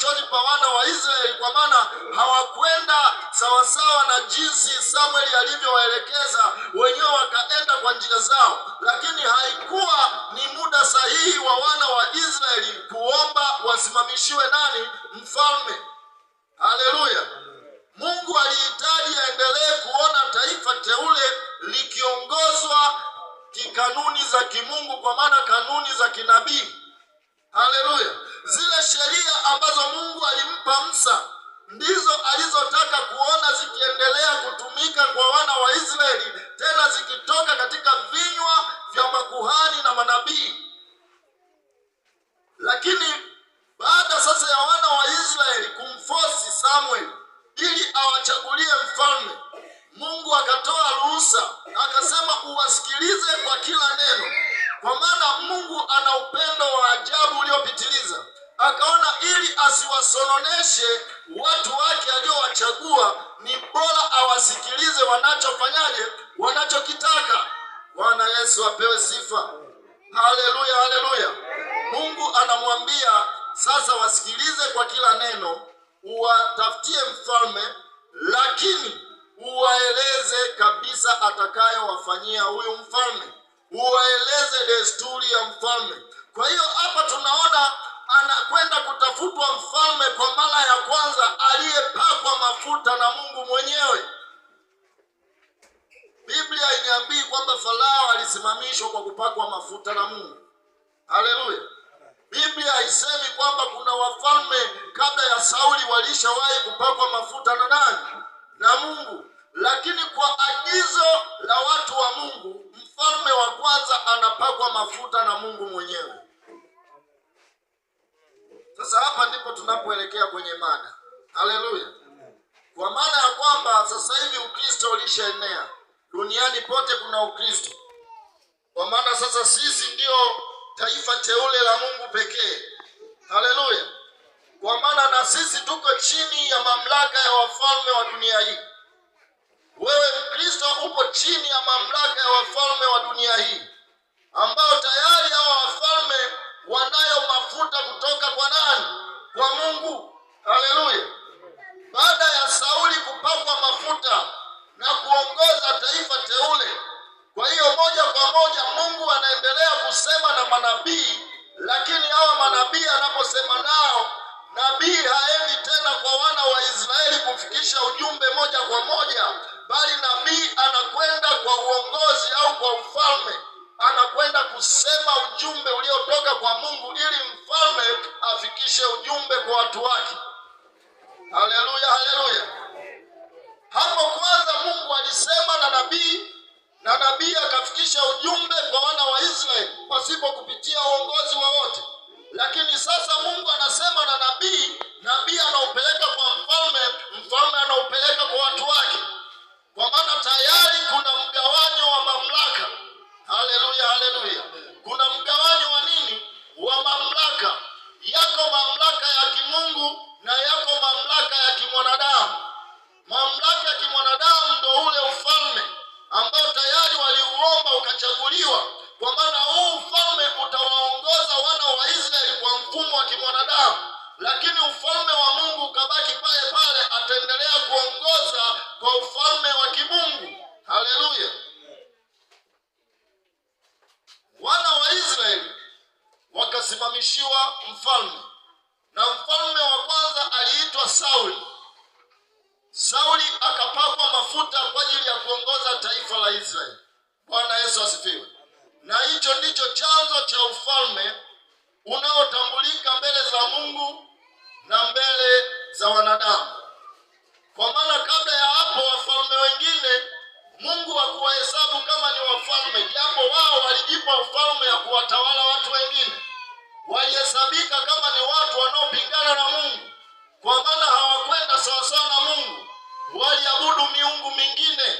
machoni pa wana wa Israeli, kwa maana hawakwenda sawasawa na jinsi Samueli alivyowaelekeza, wenyewe wakaenda kwa njia zao. Lakini haikuwa ni muda sahihi wa wana wa Israeli kuomba wasimamishiwe nani? Mfalme. Haleluya! Mungu alihitaji aendelee kuona taifa teule likiongozwa kikanuni za kimungu, kwa maana kanuni za kinabii. Haleluya! Zile sheria ambazo Mungu alimpa Musa ndizo alizotaka kuona zikiendelea kutumika kwa wana wa Israeli, tena zikitoka katika vinywa vya makuhani na manabii. Lakini baada sasa ya wana wa Israeli kumfosi Samuel ili awachagulie mfalme, Mungu akatoa ruhusa, akasema uwasikilize kwa kila neno kwa maana Mungu ana upendo wa ajabu uliopitiliza, akaona ili asiwasononeshe watu wake aliowachagua, ni bora awasikilize wanachofanyaje, wanachokitaka. Bwana Yesu apewe sifa. Haleluya, haleluya. Mungu anamwambia sasa, wasikilize kwa kila neno, uwatafutie mfalme, lakini uwaeleze kabisa atakayowafanyia huyu mfalme uwaeleze desturi ya mfalme. Kwa hiyo hapa tunaona anakwenda kutafutwa mfalme kwa mara ya kwanza aliyepakwa mafuta na Mungu mwenyewe. Biblia iniambii kwamba Farao alisimamishwa kwa kupakwa mafuta na Mungu. Haleluya! Biblia haisemi kwamba kuna wafalme kabla ya Sauli walishawahi kupakwa mafuta na nani? Na Mungu lakini kwa agizo la watu wa Mungu, mfalme wa kwanza anapakwa mafuta na Mungu mwenyewe. Sasa hapa ndipo tunapoelekea kwenye mada. Haleluya! Kwa maana ya kwamba sasa hivi Ukristo ulishaenea duniani pote, kuna Ukristo. Kwa maana sasa sisi ndio taifa teule la Mungu pekee. Haleluya! Kwa maana na sisi tuko chini ya mamlaka ya wafalme wa dunia hii. Wewe Mkristo upo chini ya mamlaka ya wafalme wa dunia hii, ambao tayari hawa wafalme wanayo mafuta kutoka kwa nani? Kwa Mungu. Haleluya! Baada ya Sauli kupakwa mafuta na kuongoza taifa teule, kwa hiyo moja kwa moja Mungu anaendelea kusema na manabii, lakini hawa manabii anaposema nao nabii haendi tena kwa wana wa Israeli kufikisha ujumbe moja kwa moja bali nabii anakwenda kwa uongozi au kwa mfalme, anakwenda kusema ujumbe uliotoka kwa Mungu ili mfalme afikishe ujumbe kwa watu wake. Haleluya, haleluya. Hapo kwanza Mungu alisema na nabii na nabii akafikisha ujumbe kwa wana wa Israeli pasipo kupitia uongozi wowote. Lakini sasa Mungu anasema na nabii, nabii anaupeleka kwa mfalme, mfalme anaupeleka kwa maana tayari kuna mgawanyo wa mamlaka. Haleluya, haleluya! Kuna mgawanyo wa nini? Wa mamlaka. Yako mamlaka ya kimungu na yako mamlaka ya kimwanadamu. Mamlaka ya kimwanadamu ndo ule ufalme ambao tayari waliuomba ukachaguliwa, kwa maana huu ufalme utawaongoza wana wa Israeli kwa mfumo wa kimwanadamu, lakini ufalme wa Mungu ukabaki pale pale, ataendelea kuongoza kwa ufalme wa kimungu Haleluya! Wana wa Israeli wakasimamishiwa mfalme, na mfalme wa kwanza aliitwa Sauli. Sauli akapakwa mafuta kwa ajili ya kuongoza taifa la Israeli. Bwana Yesu asifiwe. Na hicho ndicho chanzo cha ufalme unaotambulika mbele za Mungu na mbele za wanadamu. Kwa maana kabla ya hapo wafalme wengine Mungu hakuwahesabu kama ni wafalme, japo wao walijipa ufalme ya kuwatawala watu wengine. Walihesabika kama ni watu wanaopingana na Mungu, kwa maana hawakwenda sawasawa na Mungu. Waliabudu miungu mingine,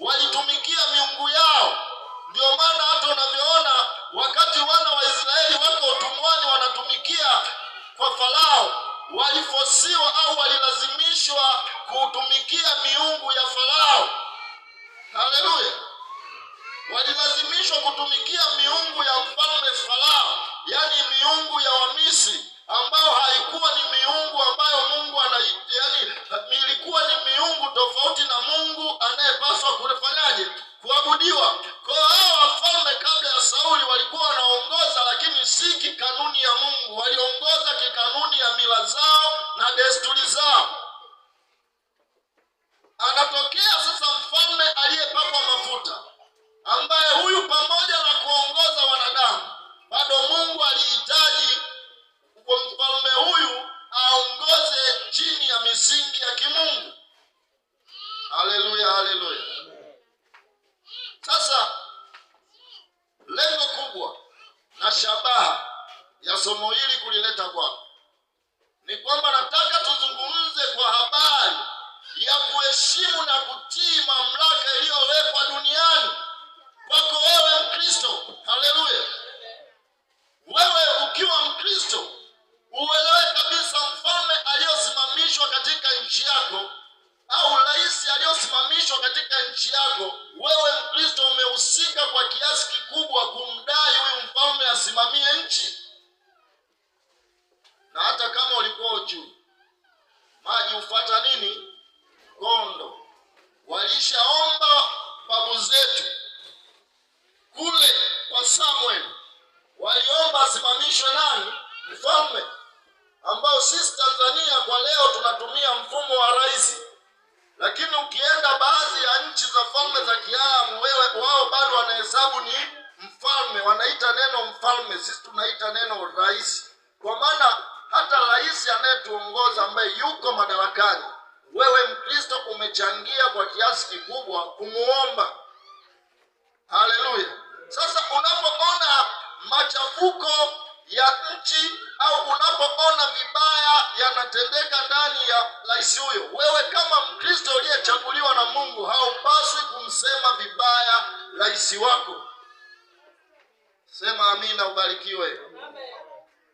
walitumikia miungu yao. Ndio maana hata unavyoona wakati wana wa Israeli wako utumwani, wanatumikia kwa Farao walifosiwa au walilazimishwa kutumikia miungu ya Farao. Haleluya! walilazimishwa kutumikia miungu ya mfalme Farao, yaani miungu ya Wamisri ambayo haikuwa ni miungu ambayo Mungu ana, yaani ilikuwa ni miungu tofauti na Mungu anayepaswa kufanyaje? Kuabudiwa. kuheshimu na kutii mamlaka iliyowekwa duniani kwako wewe Mkristo. Haleluya! Wewe ukiwa Mkristo uelewe kabisa mfalme aliyosimamishwa katika nchi yako au rahisi aliyosimamishwa katika nchi yako, wewe Mkristo umehusika kwa kiasi kikubwa kumdai huyu mfalme asimamie nchi. sababu wao bado wanahesabu ni mfalme. Wanaita neno mfalme, sisi tunaita neno rais, kwa maana hata rais anayetuongoza ambaye yuko madarakani, wewe Mkristo umechangia kwa kiasi kikubwa kumuomba. Haleluya! Sasa unapoona machafuko ya nchi au unapoona vibaya yanatendeka ndani ya rais huyo, wewe nafsi wako. Sema amina, ubarikiwe.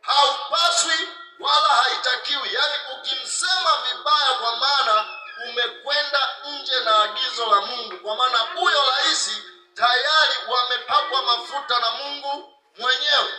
Haupaswi wala haitakiwi, yaani ukimsema vibaya, kwa maana umekwenda nje na agizo la Mungu, kwa maana huyo rahisi tayari wamepakwa mafuta na Mungu mwenyewe.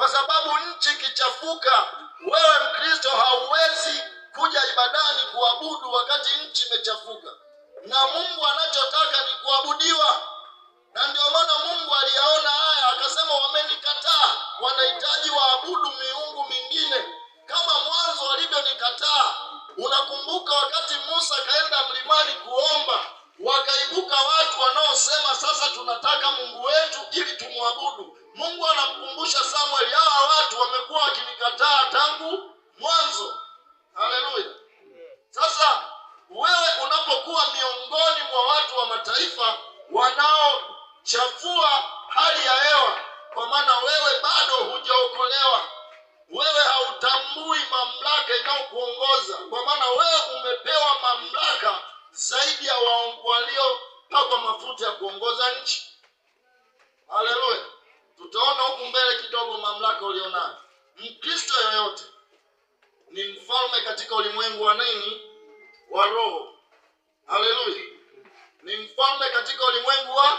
kwa sababu nchi ikichafuka, wewe Mkristo hauwezi kuja ibadani kuabudu wakati nchi imechafuka, na Mungu anachotaka ni kuabudiwa, na ndio maana Mungu aliyaona haya akasema, wamenikataa, wanahitaji waabudu miungu mingine kama mwanzo walivyonikataa Unakumbuka wakati Musa akaenda mlimani kuomba, wakaibuka wa mamlaka inayokuongoza, kwa maana wewe umepewa mamlaka zaidi ya waliopakwa mafuta ya kuongoza nchi. Haleluya! Tutaona huku mbele kidogo mamlaka ulionayo. Mkristo yoyote ni mfalme katika ulimwengu wa nini? Wa roho. Haleluya! Ni mfalme katika ulimwengu wa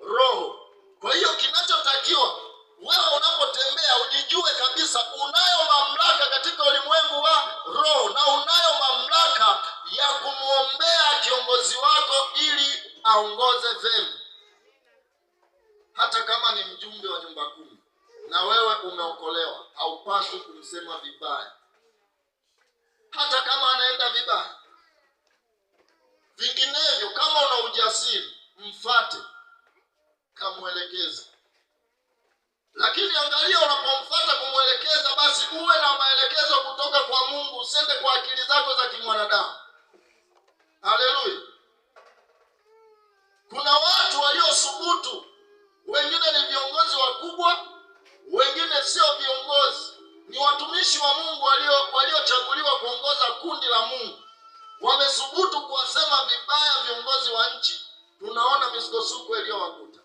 roho. Kwa hiyo kinachotakiwa wewe unapotembea ujijue kabisa unayo mamlaka katika ulimwengu wa roho, na unayo mamlaka ya kumwombea kiongozi wako ili aongoze vema Hata kama ni mjumbe wa nyumba kumi na wewe umeokolewa, haupaswi kumsema vibaya, hata kama anaenda vibaya. Vinginevyo, kama una ujasiri, mfate, kamwelekeze uwe na maelekezo kutoka kwa Mungu, usende kwa akili zako za kimwanadamu. Haleluya! Kuna watu waliosubutu, wengine ni viongozi wakubwa, wengine sio viongozi, ni watumishi wa Mungu waliochaguliwa walio kuongoza kundi la Mungu, wamesubutu kuwasema vibaya viongozi wa nchi. Tunaona misukosuko iliyowakuta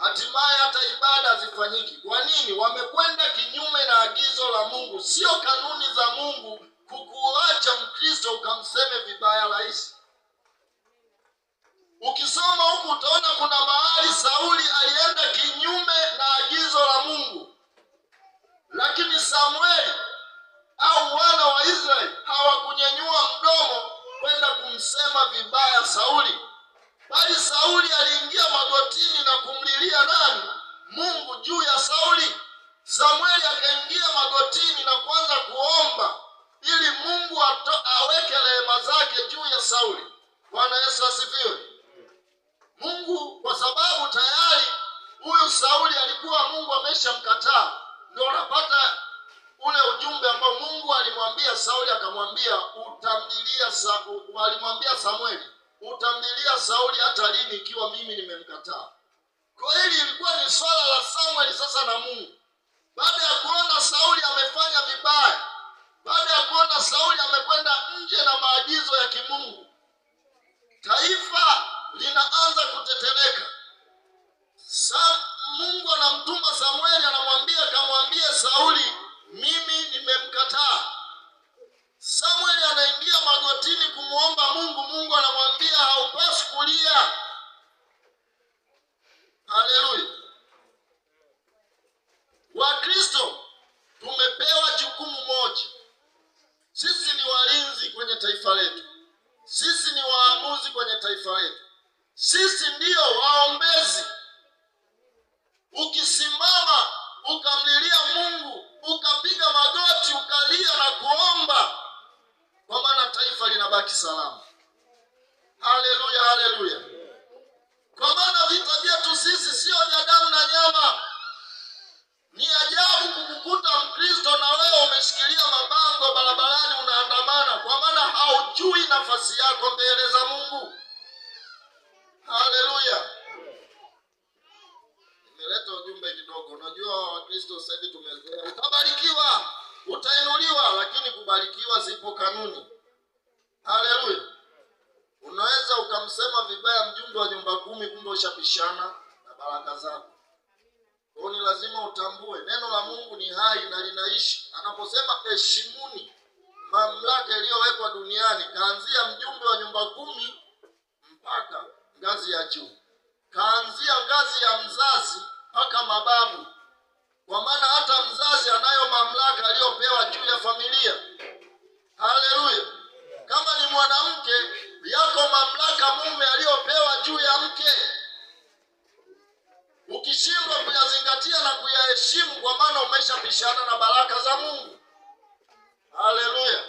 hatimaye hata ibada hazifanyiki. Kwa nini? Wamekwenda kinyume na agizo la Mungu, sio kanuni za Mungu kukuacha Mkristo ukamseme vibaya rais. Ukisoma huku utaona kuna mahali Sauli alienda kinyume na agizo la Mungu, lakini Samueli au wana wa Israeli hawakunyanyua mdomo kwenda kumsema vibaya Sauli bali Sauli aliingia magotini na kumlilia nani? Mungu juu ya Sauli. Samueli akaingia magotini na kuanza kuomba ili Mungu ato, aweke rehema zake juu ya Sauli. Bwana Yesu asifiwe. Mungu kwa sababu tayari huyu Sauli alikuwa Mungu ameshamkataa, ndio unapata ule ujumbe ambao Mungu alimwambia Sauli, akamwambia utamlilia, alimwambia Samueli utamlilia Sauli hata lini, ikiwa mimi nimemkataa? Kwa hili ilikuwa ni swala la Samueli sasa na Mungu. Baada ya kuona Sauli amefanya vibaya, baada ya kuona Sauli amekwenda nje na maagizo ya kimungu, taifa linaanza kuteteleka Sa Mungu anamtuma Samueli, anamwambia kamwambie Sauli, mimi nimemkataa. Samueli anaingia magotini kumwomba Mungu, Mungu anamwambia alto, as curia Haleluya, haleluya. Kwa maana vita vyetu sisi sio vya damu na nyama. Ni ajabu kukukuta Mkristo na wewe umeshikilia mabango barabarani unaandamana, kwa maana haujui nafasi yako mbele za Mungu. Haleluya. Nimeleta ujumbe kidogo. Unajua Wakristo sasa hivi tumezoea, utabarikiwa, utainuliwa, lakini kubarikiwa zipo kanuni. Haleluya kusema vibaya mjumbe wa nyumba kumi, kumbe ushapishana na baraka zako. Kwa ni lazima utambue neno la Mungu ni hai na linaishi. Anaposema heshimuni mamlaka iliyowekwa duniani, kaanzia mjumbe wa nyumba kumi mpaka ngazi ya juu, kaanzia ngazi ya mzazi mpaka mababu, kwa maana hata mzazi anayo mamlaka aliyopewa juu ya familia. yako mamlaka mume aliyopewa juu ya mke. Ukishindwa kuyazingatia na kuyaheshimu, kwa maana umeshapishana na baraka za Mungu. Haleluya!